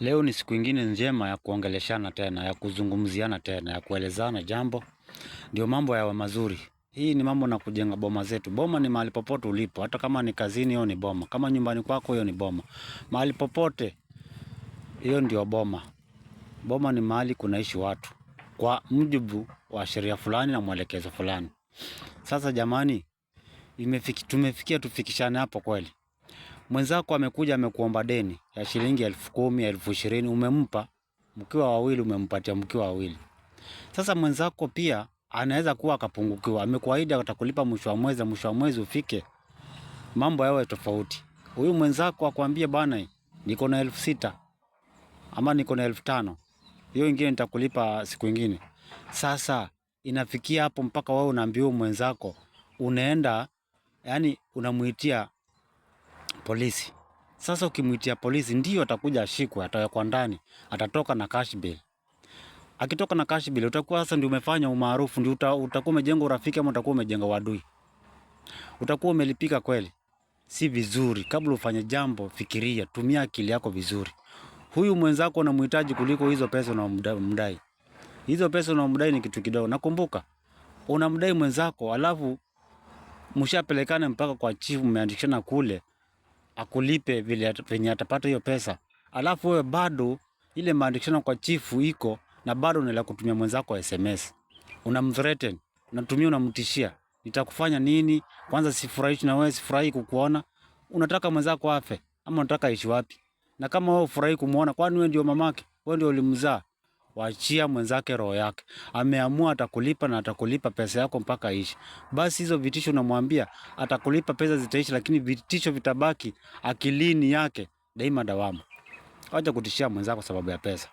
Leo ni siku ingine njema ya kuongeleshana tena, ya kuzungumziana tena, ya kuelezana jambo, ndio mambo yawe mazuri. Hii ni mambo na kujenga boma zetu. Boma ni mahali popote ulipo, hata kama ni kazini, hiyo ni boma. Kama nyumbani kwako, hiyo ni boma. Mahali popote, hiyo ndio boma. Boma ni mahali kunaishi watu kwa mujibu wa sheria fulani na mwelekezo fulani. Sasa jamani, imefiki, tumefikia tufikishane hapo kweli mwenzako amekuja amekuomba deni ya shilingi elfu kumi elfu ishirini umempa, mkiwa wawili umempatia, mkiwa wawili. Sasa mwenzako pia anaweza kuwa akapungukiwa, amekuahidi atakulipa mwisho wa mwezi, mwisho wa mwezi ufike, mambo yawe tofauti. Huyu mwenzako akwambie, bwana, niko na elfu sita ama niko na elfu tano hiyo ingine nitakulipa siku ingine. Sasa inafikia hapo mpaka wewe unaambia mwenzako unaenda, yani unamuitia polisi. Sasa ukimwitia polisi, ndio atakuja ashikwe, atawekwa ndani, atatoka na cash bill. Akitoka na cash bill utakuwa sasa ndio umefanya umaarufu, ndio uta, utakuwa umejenga urafiki ama utakuwa umejenga wadui, utakuwa umelipika kweli. Si vizuri. Kabla ufanye jambo, fikiria, tumia akili yako vizuri. Huyu mwenzako unamhitaji kuliko hizo pesa unamdai. Hizo pesa unamdai ni kitu kidogo. Nakumbuka unamdai mwenzako, alafu mshapelekana mpaka kwa chifu, mmeandikishana kule, akulipe vile venye atapata hiyo pesa, alafu wewe bado ile maandikishano kwa chifu iko na bado unaendelea kutumia mwenzako SMS, unamthreaten, unatumia, unamtishia nitakufanya nini? Kwanza sifurahishi na wewe, sifurahi kukuona. Unataka mwenzako afe ama unataka aishi wapi? Na kama wewe ufurahi kumuona, kwani wewe ndio mamake? Wewe ndio ulimzaa? wachia mwenzake roho yake. Ameamua atakulipa na atakulipa pesa yako mpaka ishi. Basi hizo vitisho unamwambia atakulipa, pesa zitaishi, lakini vitisho vitabaki akilini yake daima dawamu. Acha kutishia mwenzako sababu ya pesa.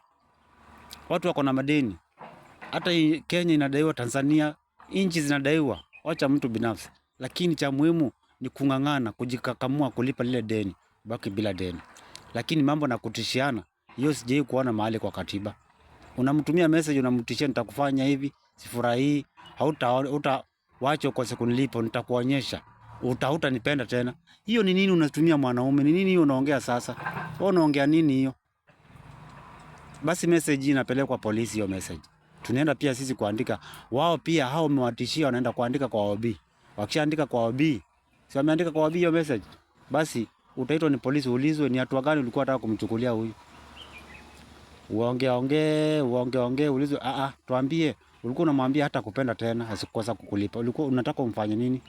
Watu wako na madeni, hata Kenya inadaiwa, Tanzania, nchi zinadaiwa, wacha mtu binafsi, lakini cha muhimu ni kung'ang'ana, kujikakamua kulipa lile deni, baki bila deni. Lakini mambo na kutishiana, hiyo sijai kuona mahali kwa katiba unamtumia message, unamtishia nitakufanya hivi, sifurahii, hauta kwa sekunde lipo, nitakuonyesha uta utanipenda tena. Hiyo ni nini unatumia mwanaume? Ni nini hiyo unaongea sasa? Wewe unaongea nini hiyo? Basi message inapelekwa kwa polisi, hiyo message. Tunaenda pia sisi kuandika, wao pia hao umewatishia wanaenda kuandika kwa OB. Wakishaandika kwa OB, si wameandika kwa OB hiyo message. Basi utaitwa ni polisi ulizwe ni hatua gani ulikuwa unataka kumchukulia huyu uongea ongee uongea ongee ulizo a ah, a, ah, tuambie ulikuwa unamwambia hata kupenda tena asikosa kukulipa. Ulikuwa unataka umfanye nini?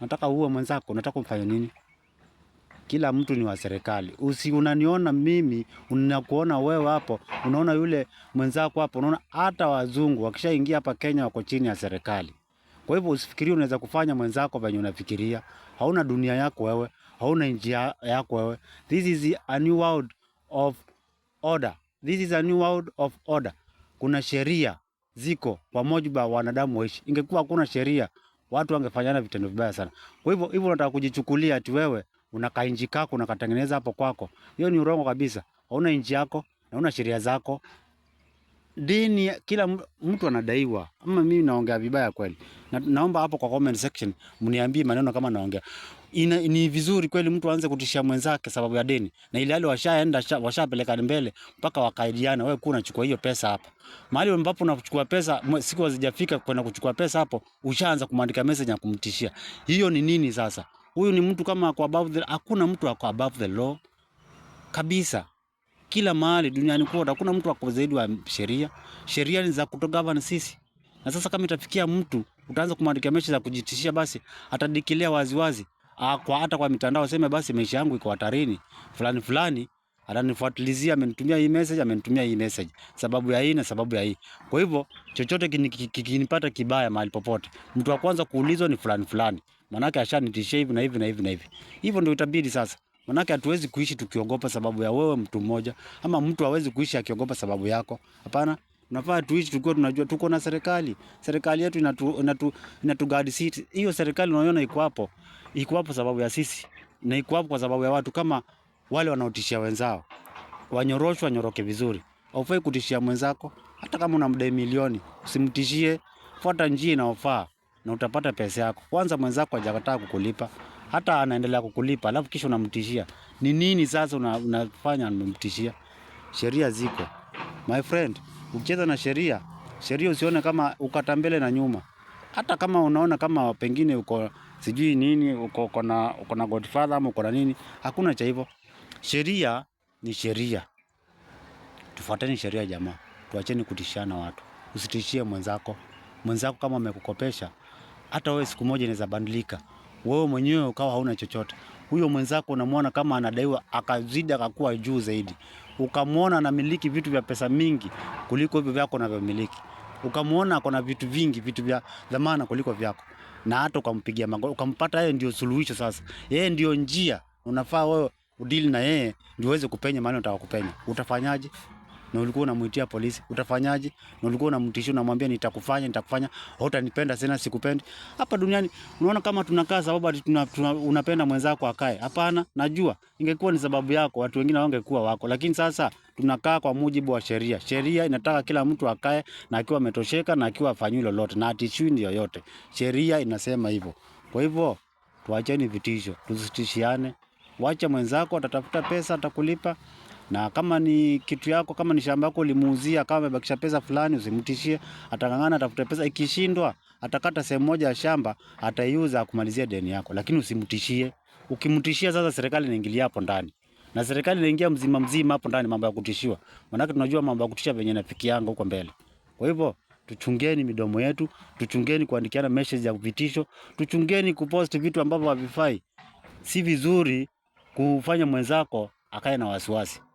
Nataka uwe mwenzako, unataka umfanye nini? Kila mtu ni wa serikali. Usi unaniona mimi, unakuona wewe hapo, unaona yule mwenzako hapo, unaona hata wazungu wakishaingia hapa Kenya wako chini ya serikali. Kwa hivyo usifikirie unaweza kufanya mwenzako venye unafikiria. Hauna dunia yako wewe, hauna njia yako wewe. This is a new world of order. This is a new world of order. Kuna sheria ziko kwa mujibu wa wanadamu waishi. Ingekuwa hakuna sheria, watu wangefanyana vitendo vibaya sana. Kwa hivyo hivyo unataka kujichukulia ati wewe una kainji kako unakatengeneza hapo kwako, hiyo ni urongo kabisa. Hauna inji yako na una sheria zako dini kila mtu anadaiwa, ama mimi naongea vibaya kweli? Na, naomba hapo kwa comment section mniambie maneno kama naongea ina, ni vizuri kweli mtu aanze kutishia mwenzake sababu ya deni, na ile hali washaenda washapeleka mbele mpaka wakaidiana, wewe kuna chukua hiyo pesa hapa. Mahali ambapo unachukua pesa siku hazijafika kwenda kuchukua pesa hapo, ushaanza kumwandikia message na kumtishia. Hiyo ni nini sasa? Huyu ni mtu kama kwa above the, hakuna mtu ako above the law kabisa kila mahali duniani kote, hakuna mtu ako zaidi wa sheria. Sheria ni za kutogavan sisi, na sasa kama itafikia mtu utaanza kumwandikia mechi za kujitishia, basi atadikilia waziwazi wazi. Ah, kwa hata kwa mitandao sema basi maisha yangu iko hatarini, fulani fulani ananifuatilizia, amenitumia hii message, amenitumia hii message sababu ya hii na sababu ya hii. Kwa hivyo chochote kinipata kibaya mahali popote, mtu wa kwanza kuulizwa ni fulani fulani, maanake ashanitishia hivi na hivi na hivi na hivi. Hivyo ndio itabidi sasa Manake hatuwezi kuishi tukiogopa sababu ya wewe mtu mmoja, ama mtu hawezi kuishi akiogopa sababu yako. Hapana, tunafaa tuishi tukiwa tunajua tuko na serikali. Serikali yetu inatu, inatu, inatu guard sisi. Hiyo serikali unaiona iko hapo, iko hapo sababu ya sisi na iko hapo kwa sababu ya watu kama wale wanaotishia wenzao. Wanyoroshwe, wanyoroke vizuri. Haufai kutishia mwenzako, hata kama unamdai milioni, usimtishie. Fuata njia inayofaa na utapata pesa yako. Kwanza mwenzako hajakataa kukulipa, hata anaendelea kukulipa, alafu kisha unamtishia. Ni nini sasa una, unafanya unamtishia? Sheria ziko my friend, ukicheza na sheria, sheria usione kama ukata mbele na nyuma. Hata kama unaona kama pengine uko sijui nini, uko kona na uko na godfather ama uko na nini, hakuna cha hivyo. Sheria ni sheria, tufuateni sheria jamaa, tuacheni kutishana watu. Usitishie mwenzako, mwenzako kama amekukopesha hata wewe siku moja inaweza badilika wewe mwenyewe ukawa hauna chochote, huyo mwenzako unamwona kama anadaiwa, akazidi akakuwa juu zaidi, ukamwona anamiliki vitu vya pesa mingi kuliko hivyo vyako unavyomiliki, ukamwona ako na vitu vingi, vitu vya dhamana kuliko vyako, na hata ukampigia magoti, ukampata. Yeye ndio suluhisho sasa, yeye ndio njia, unafaa wewe udili na yeye ndio uweze kupenya mahali kupenya, Utafanyaje? na ulikuwa unamuitia polisi, utafanyaje? Na ulikuwa unamtishia unamwambia, nitakufanya nitakufanya, hutanipenda tena, sikupendi. Hapa duniani unaona kama tunakaa sababu ati tuna, tuna, unapenda mwenzako akae? Hapana, najua ingekuwa ni sababu yako, watu wengine wangekuwa wako, lakini sasa tunakaa kwa mujibu wa sheria. Sheria inataka kila mtu akae na akiwa ametosheka na akiwa afanywi lolote na atishwi ndio yote. sheria inasema hivyo. Kwa hivyo tuacheni vitisho, tusitishiane. Wacha mwenzako atatafuta pesa, atakulipa na kama ni kitu yako, kama ni shamba yako ulimuuzia, kama amebakisha pesa fulani, usimtishie. Atang'ang'ana atafuta pesa, ikishindwa atakata sehemu moja ya shamba, ataiuza akumalizia deni yako, lakini usimtishie. Ukimtishia sasa, serikali inaingilia hapo ndani na serikali inaingia mzima mzima hapo ndani, mambo ya kutishiwa. Maanake tunajua mambo ya kutisha venye nafiki nafikianga huko mbele. Kwa hivyo tuchungeni midomo yetu, tuchungeni kuandikiana message ya vitisho, tuchungeni kupost vitu ambavyo havifai. Si vizuri kufanya mwenzako akae na wasiwasi.